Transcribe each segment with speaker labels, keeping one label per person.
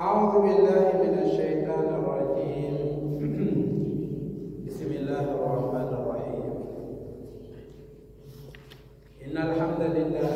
Speaker 1: أعوذ بالله من الشيطان الرجيم بسم الله الرحمن الرحيم إن الحمد لله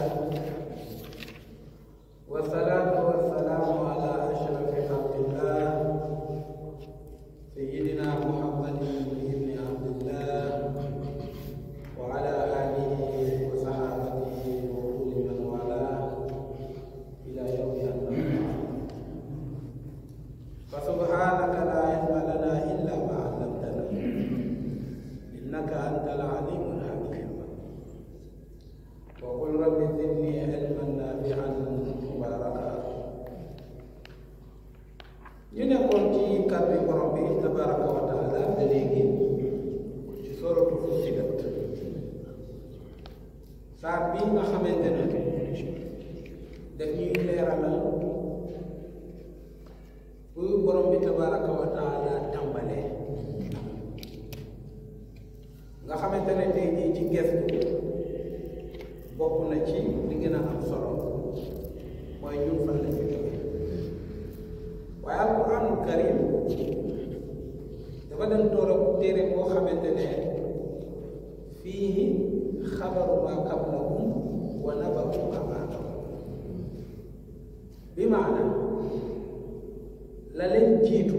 Speaker 1: nga xamante ne tey jii ci gestu bokk na ci li gën a am solo mooy ñun fan la ñu jógee waaye alquranul karim dafa dem toorab téere boo xamante ne fii xabaru maa qablahum wa nabaru maa baadahum bi maana la leen jiitu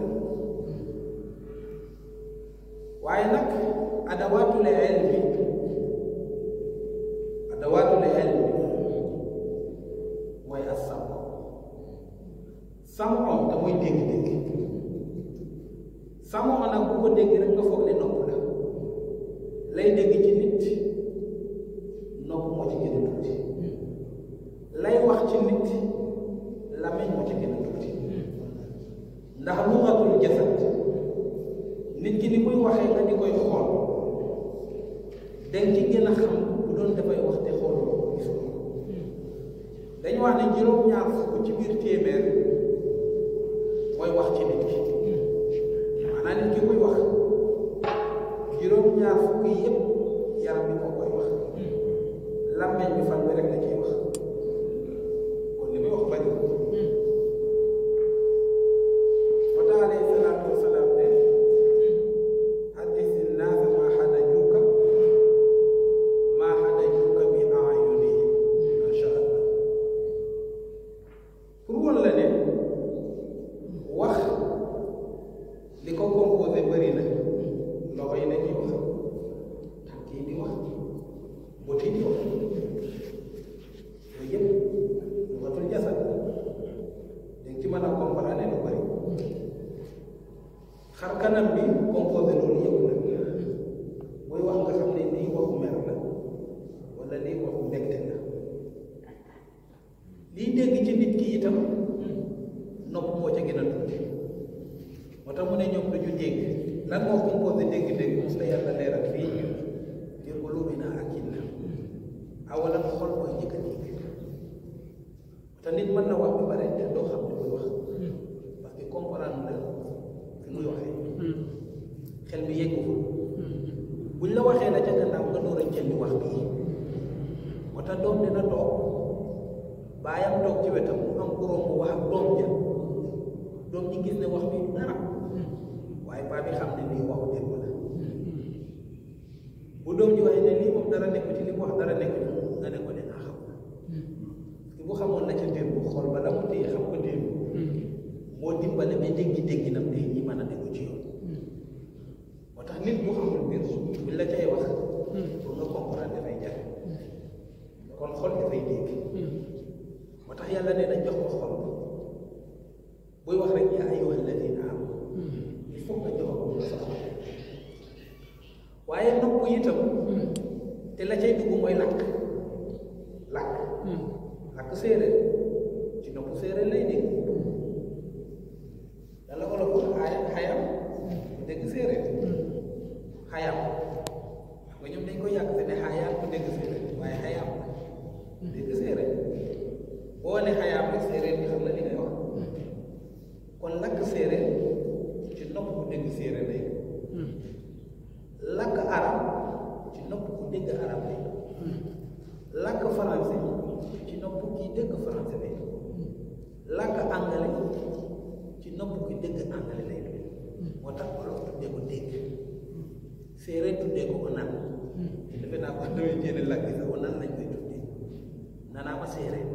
Speaker 1: وعندك أدوات العلم أدوات العلم وهي السمع سمع damay dégg dégg sàmm nag bu ko dégg rek nga foog ne nopp la lay dégg ci nit nopp moo ci gën a tuuti lay wax ci nit làmmiñ moo ci gën a tuuti ndax lu matul jasad ki ni muy waxee nga di koy xool dañ gën a xam bu doon dafay wax te xoolul ko gis ko dañu wax ne juróom-ñaar fukk ci biir téeméer mooy wax ci nit ki ki muy wax juróom-ñaar fukk yëpp yaram bi moo koy wax làmmeñ bi fan bi rek la ciy nit mën na wax ba pare te doo xam li muy wax hmm. parce que comprendre na fi muy waxee hmm. xel mi yeggu ko hmm. buñ la waxee la ca gannaaw nga door a jëndi wax bi tax doom dina toog mu wax ak doom ja doom ji gis ne wax waaye paa bi xam ne lii waxu dëgg bu doom ji waxee ne lii moom dara nekk téye xam ko téye mm-hmm. moo dimbale ba dégg-dégg nam day ñi mën a déglu ci yoon mm-hmm. moo tax nit mu xamul mbir buñ la cay wax mm-hmm. pour nga comprendre dafay jafe kon xol dafay dégg moo tax yàlla nee na jox ko xol buy wax rek yaa ayyuhal ladina am il faut nga jox ko sa xol waaye nopp itam te la cay dugg mooy làkk làkk làkk séeréer ci nopp séeréer lay dégg yàlla olof xaaya xayam dégg séeréer xayam ba ñoom dañ ko yàgg te ne xayam bu dégg séeréer waaye xayam hmm. dégg séeréer boo ne xayam séeréer bi xam na li ngay wax kon dégg séeréer lay hmm. lakk arab ci nopp ku dégg arab lay hmm. lakk français ci nopp kii dégg français lay làkk anglais ci nopp ki dégg anglais lay doon moo tax wolof tuddee ko dégg séeréer tuddee ko naan defe naa ko damay jéene làkk yi ko naan lañ koy tuddee nanaa ma séeréer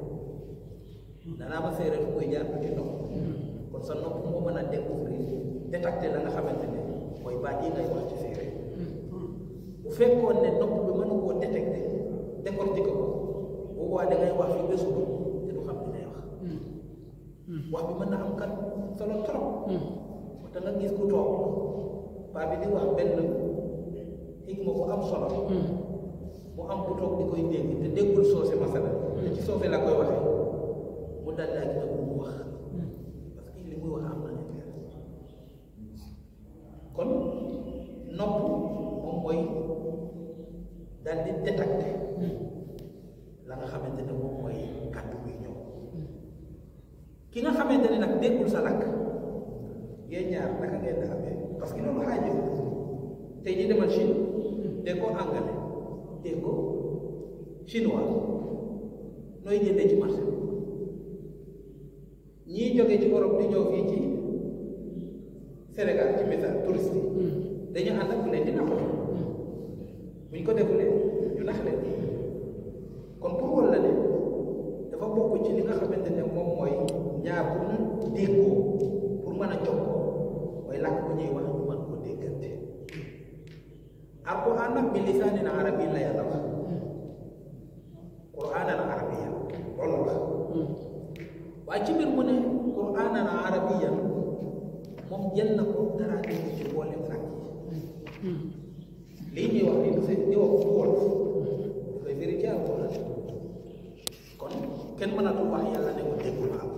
Speaker 1: nanaa ma séeréer fu koy jaar ci sa nopp moo mën a découvrir détecter la nga xamante ne mooy baat yi ngay wax ci séeréer bu fekkoon ne nopp bi mën na koo détecter décortiquer ko bu boobaa da ngay wax fi ba Hmm. wax bi mën na am kat solo trop. Hmm. te nga gis ku toog paa bi di wax benn xikma bu am solo. Hmm. mu am ku toog di koy dégg te déggul soose masala ci soose la koy waxee mu dal laa gis mu wax. parce que li muy wax am na intérêt kon nopp moom mooy daal di détecter la nga xamante ne moom mooy kàddu bi ñëw. ki nga xamante ne nag déggul sa làkk yéen ñaar naka ngeen parce que loolu xaajee ko tey jii demal Chine dégg ko anglais dégg ko nooy jëndee ci marché ñii jógee ci Europe di ñëw fii ci Sénégal ci misaal touriste hmm. dañu ànd ak ku leen di hmm. ko defulee ñu nax leen kon pour walla ne dafa bokk ci li nga xamante ne moom mooy ñaar pour ñu déggoo pour mën a jokkoo mooy làkk bu ñuy wax ñu mën koo déggante alquran nag bi lisaanin arabiin la yàlla wax quraanan arabiyan loolu la waaye ci biir mu ne quraanan moom jël na ko taraatee ko ci mboolem làkk yi lii ñuy wax ni du fekk di wax ko wolof dafay firi ci alquran kon kenn mënatul wax yàlla ne ko déggu naa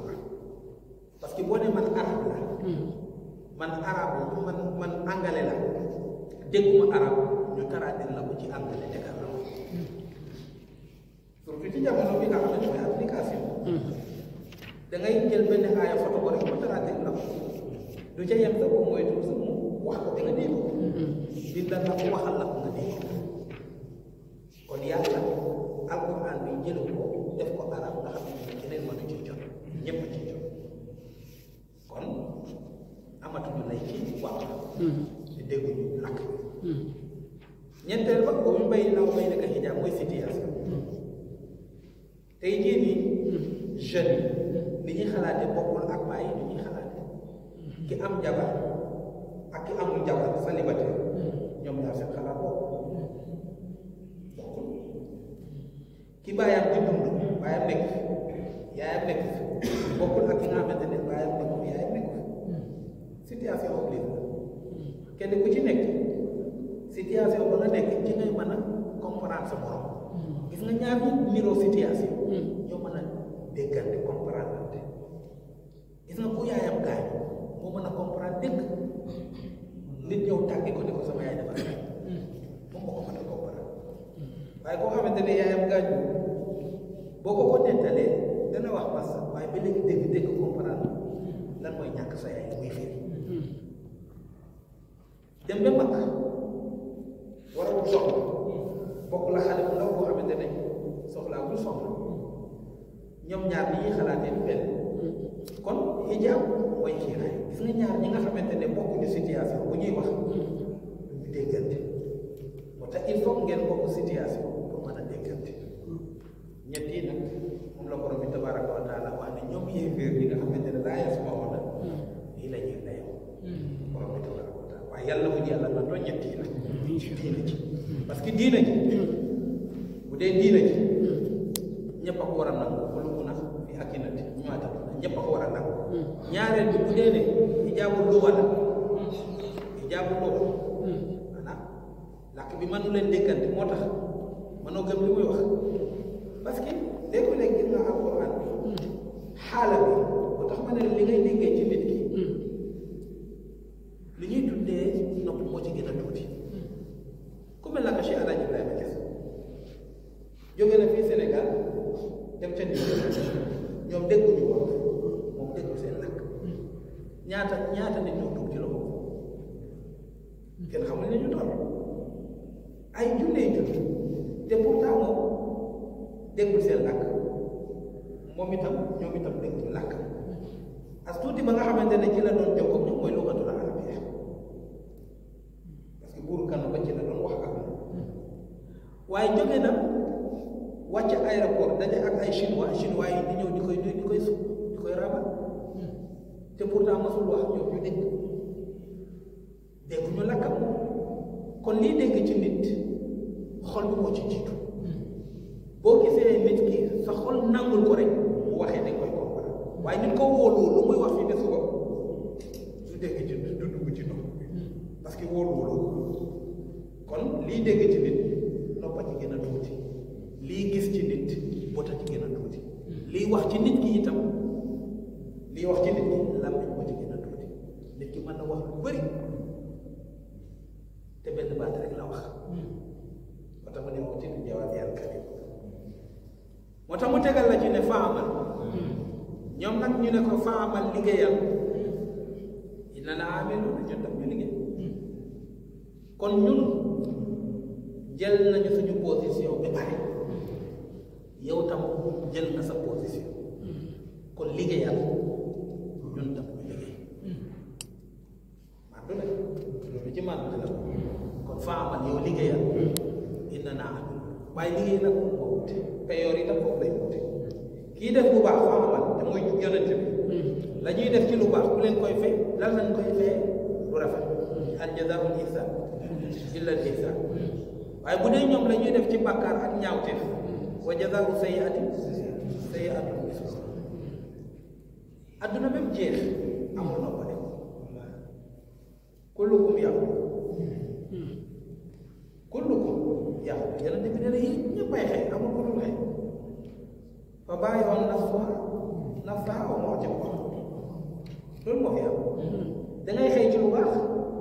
Speaker 1: que boo ne man arab la hmm. man arab man man angale la dégguma arab ñu karaatin la ko ci angale tegal la ko surtout ci jamono bi nga xam ne hmm. ko mooy tur mu wax ko nga dégg bindal hmm. la ko waxal la ko nga dégg kon yàlla alquran bi jël ko def ko arab nga xam ne keneen mënu ci jot ñëpp ci lay kii wax te dégguñu lakk hmm. ñeenteel ba boobu ñu bay naw bay nekk xijaab mooy situation hmm. tey jii nii hmm. jeune ni ñuy xalaate bokkul ak bàyyi ni ñuy xalaate ki am jabar ak ki amul jabar célibataire ñoom daal seen xalaat bokkul bokkul ki bàyyam di dund bàyyam nekk yaayam nekk bokkul ak ki nga xamante situation kenn ku ci nekk situation ba nga nekk ci ngay mën a comprendre sa morom gis nga ñaar ñu niroo situation ñoo mën a déggante comprendre ante gis nga ku yaayam gaañ moo mën a comprendre dëkk nit ñëw tàggi ko sama yaay dafa gaañ moom moo waaye koo xamante ne boo ko ko nettalee dana wax parce que waaye ba léegi dégg lan mooy ñàkk sa yaay muy firi dem ba mag war a soxla bokk la xale bu ndaw boo xamante ne soxlaa bu soxla ñoom ñaar ni ñuy xalaatee du benn kon hijaab mooy kiiraay gis nga ñaar ñi nga xamante ne bokkuñu situation bu ñuy diina ji parce que diina ji bu diina ji ñëpp a ko war a nangu wala mu nax fi ak i nati ñu atal ñëpp a ko war a nangu ñaareel bi bu dee ne ijaabu luwa bi mënu leen déggante moo tax mënoo gëm li muy wax parce ñoom dégguñu ko moom seen làkk ñaata ñaata nit ñoo dugg ci loxo kenn xamul ne ñu toll ay junnee junni te moom déggul seen làkk moom itam ñoom itam dégguñu làkk as di ma nga xamante ne ci la doon jokkoog ñoom mooy lugatul arabiyya parce que buur kan ba ci la doon wax ak waaye jóge na wàcc aéroport daje ak ay chinois chinois yi di ñëw di koy di koy suuf di koy rabal te pourtant masul wax ñoom ñu dégg dégg ñu lakkam kon lii dégg ci nit xol bi moo ci jiitu boo gisee nit sa xol nangul ko rek bu waxee dañ koy comprendre waaye nit ko kon lii dégg ci moo ci gëna tuuti li wax ci nit ki itam li wax ci nit ki làmmiñ moo ci gëna tuuti nit ki mëna wax lu bari té benn baat rek la wax motax mo mu ne ci jawaab yàlla kalim moo motax mu tégal la ci né faamal ñom nak ñu né ko faamal liggéeyal inna la amee loolu ñun tam ñu liggéey kon ñun jël nañu suñu position bi bari yow tam jël nga sa position hmm. kon liggéeyal ñun tam ñu liggéey hmm. màndu la loolu ci màndu la hmm. kon faa amal yow liggéeyal dina naa waaye liggéey nag moom moo wute payoor yi nag moom lay wute kii def bu baax faa amal da mooy yonente bi la ñuy def ci lu baax ku leen koy fay lan lañ koy fay lu rafet al jazaa'ul illa al waaye bu dee ñoom la def ci bàkkaar ak ñaawteef wa jazaau sayyi'atin sayyi'atun misluha adduna même jeex amul noppale kullukum yàqu kullukum yàqu yàlla defi ne la yéen ñëppay xëy amul ku dul xëy fa bàyyi woon nafsa nafsa aw moo ci wax loolu moo fi am da ngay xëy ci lu baax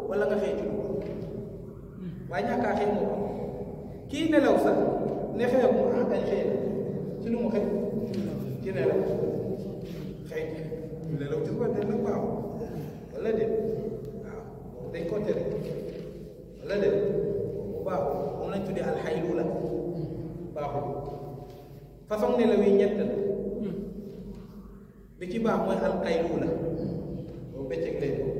Speaker 1: wala nga xëy ci lu baax waaye ñàkkaa xëy moo kii nelaw sax نخير محمد الخير شنو مخير؟ كنا لا خير ولا لو تبغى تنلم معه ولا دير day compter rek la dem bu baaxul moom lañ tuddee alxaylu la baaxul façon ne la wi ñett la bi ci baax mooy alxaylu la boobu bëccëg lay doon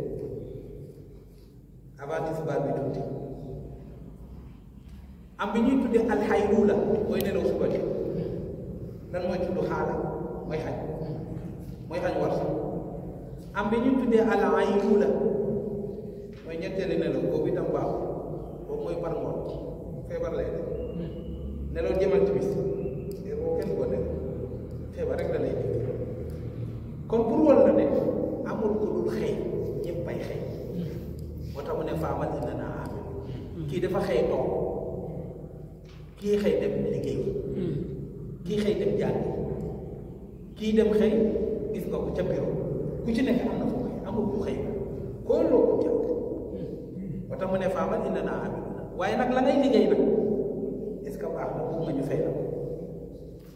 Speaker 1: avant tisbaar bi tuuti am bi ñuy tuddee alxayruula mooy nelaw suba bi lan mooy tudd xaala mooy xaj mooy xaj war sax am bi ñuy tuddee alayruula mooy ñetteelu nelaw boobu itam baaxul boobu mooy par ngoon feebar lay def nelaw jëmal ko def feebar rek la kon pour wol la ne amul dul xëy ñëpp xëy moo tax mu ne faamal inna naa amin kii dafa xëy toog kii xëy dem liggéey kii xëy dem jàng kii dem xëy gis nga ko ca bureau ku ci nekk am na foo xëy amul bu xëy koo loo ko jàng ba hmm. tax mu ne faamal indi naa am waaye nag la ngay liggéey nag est ce que baax na bëgg nga ñu fay la ko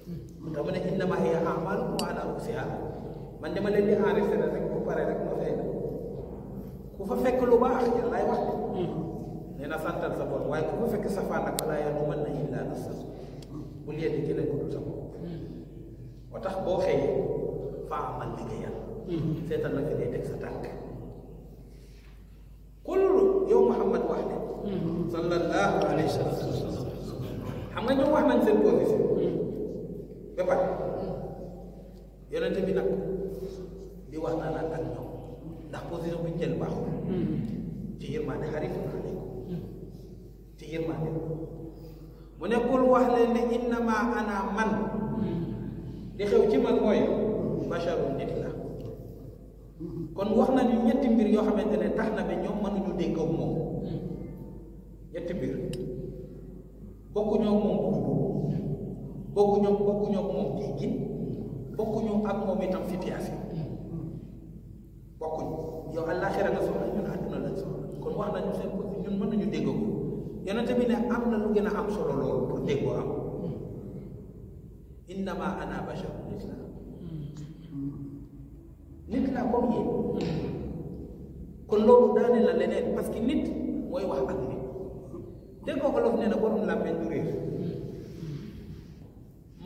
Speaker 1: hmm. te mu ne innama hiya a'maalu ana usiha man dama leen di enregistré rek bu pare rek ma fay la ku fa fekk lu baax yàlla wax nee na santal sa bopp waaye ku ko fekk safaan ak balaa yàlla mën na illaa nafsa bul yeddi jëlee ko dul sa bopp moo tax boo xëyee faa amal liggéeyal seetal na fi day teg sa tànk kul yow Muhammad wax ne sallallahu alayhi wa sallam xam nga ñoom wax nañ seen position ba pare yonent bi nag di wax naa naan ak ñoom ndax position bu ñu jël baaxul ci yërmaande xarit naa yërmande mu ne bul wax leen ne innama ana man li xew ci man mooy basharun nit la kon wax nañu ñetti mbir yoo xamante ne tax na ba ñoom mënuñu dégg ak moom ñetti mbir bokkuñoo moom bokkuñoo bokkuñoo moom déggin bokkuñu ak moom itam situation bokkuñu yow àllaaxira nga soxla ñun àdduna lañ soxla kon wax nañu seen bopp ñun mënuñu dégg ak yonente bi ne am na lu gën a am solo loolu pour déggoo am innama ana basharun nit nit la comme yéen kon loolu daane la leneen parce que nit mooy wax ak nit déggoo olof nee na borom làmmeñ du réer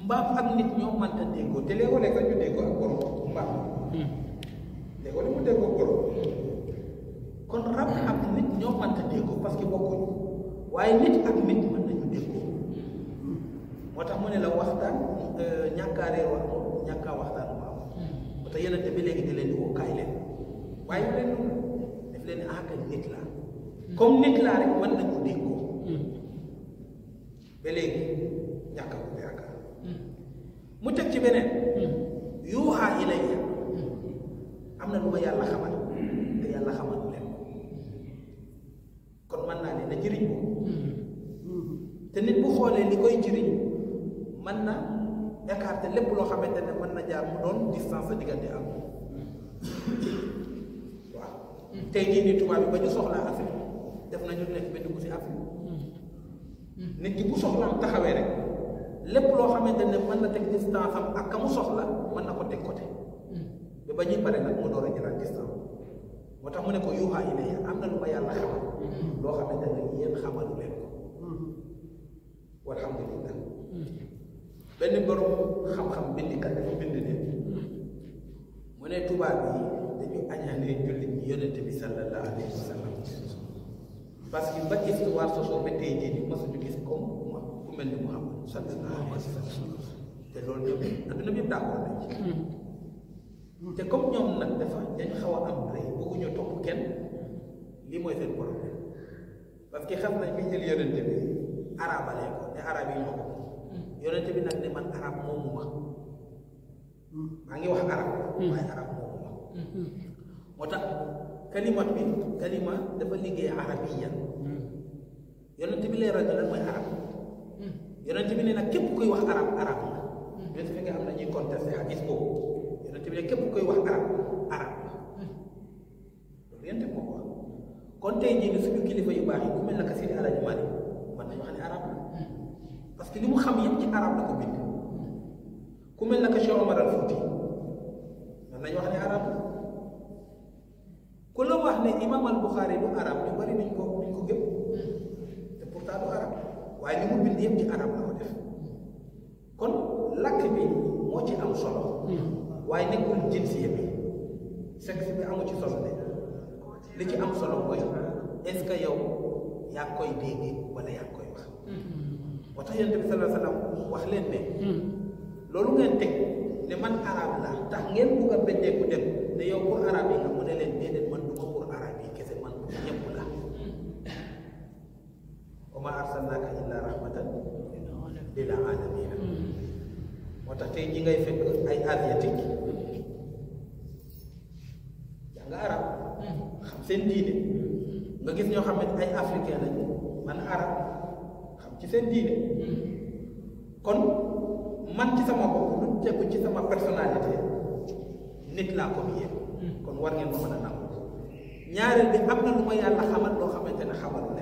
Speaker 1: mbaam ak nit ñoo mënta déggoo te léeg-léeg ka ñu déggoo ak borom mbaam léeg-léeg mu déggoo borom kon rab ak nit ñoo mënta déggoo parce que waaye nit ak nit mën nañu déggoo moo tax mu ne la waxtaan ñàkkaaree wax ñàkkaa waxtaan waaw moo tax yenente bi léegi di leen di woo leen waaye bu leen def leen ne aakañ nit laa comme nit laa rek mën nañu déggoo ba léegi ñàkka bu yaakaar mu teg ci beneen yuuxaa ilayya am na lu ma yàlla xamal te yàlla xamal leen xamante ne jëriñ ko hmm. te nit bu xoolee li koy jëriñ mën na écarter lépp loo xamante ne mën na jaar mu doon distance sa diggante am hmm. waaw tey jii nii tubaab ba ñu soxlaa Afrique def nañu nekk ba dugg si Afrique hmm. nit ki bu soxlaam taxawee rek lépp loo xamante ne mën na teg distance am ak ka mu soxla mën na ko teg côté ba ba ñuy pare nag mu door a jëlaat distance moo tax mu ne ko yuuxaa ilayya am na lu ma yàlla xamal loo xamante ne yéen xamalu leen ko walhamdulillah benn borom xam-xam bindikat dafa bind ne mu ne tubaab yi dañu añaanee jullit ñi yonente bi sallallahu alayhi parce que ba histoire sosoo ba tey jii nii mosuñu gis comme ku mel ni Muhammad sallallahu te loolu yëpp adduna bi yëpp d'accord nañ ci te comme ñoom nag dafa dañ xaw a am rëy bëgguñu topp kenn lii mooy seen problème parce que xam nañ ñu jël yonente bi arabalee ko ne arab yi ñoo ko hmm. yonente bi nag ne hmm. maa ngi wax arab hmm. tax kalimat bi kalima dafa liggéey arabiya yonente ne nag képp koy wax arab arab la mais su fekkee am na ñuy contesté hadis boobu te képp koy wax arab arab loolu yente moo ko wax kon tey jii ni suñu kilifa yu baax yi ku mel na ka Seydi Alaaji Maalik mën nañu xam ne arab la parce que li mu xam yëpp ci arab la ko bind ku mel na ka Cheikh Omar Al Fouti mën nañu wax ne arab la ku la wax ne imam al Buxaari du arab ñu bari nañ ko duñ ko gëm te pourtant du arab waaye li mu bind yëpp ci arab la ko def kon lakk bi moo ci am solo waaye nekkul jinsiya bi sexe bi amu ci solo de li ci am solo mooy est-ce que yow yaa koy dégg wala yaa koy wax mm-hmm. moo tax yonent bi sallallahu wax leen ne mm-hmm. loolu ngeen teg ne man arabe la tax ngeen bugg a beddeeku dem ne yow pour arabe yi nga mu ne leen déedéet man du ko pour arabe yi kese man pour ñëpp la wa ma arsalnaaka illa rahmatan lil mm-hmm. moo tax te ñi ngay fekk ay asiatique seen diine nga gis ñoo xam ne ay africain lañu man arab xam ci seen diine kon man ci sama bopp lu tegu ci sama personnalité nit laa ko yéen hmm. kon war ngeen ma mën a nangu ñaareel bi am na lu ma yàlla xamal loo xamante ne xamal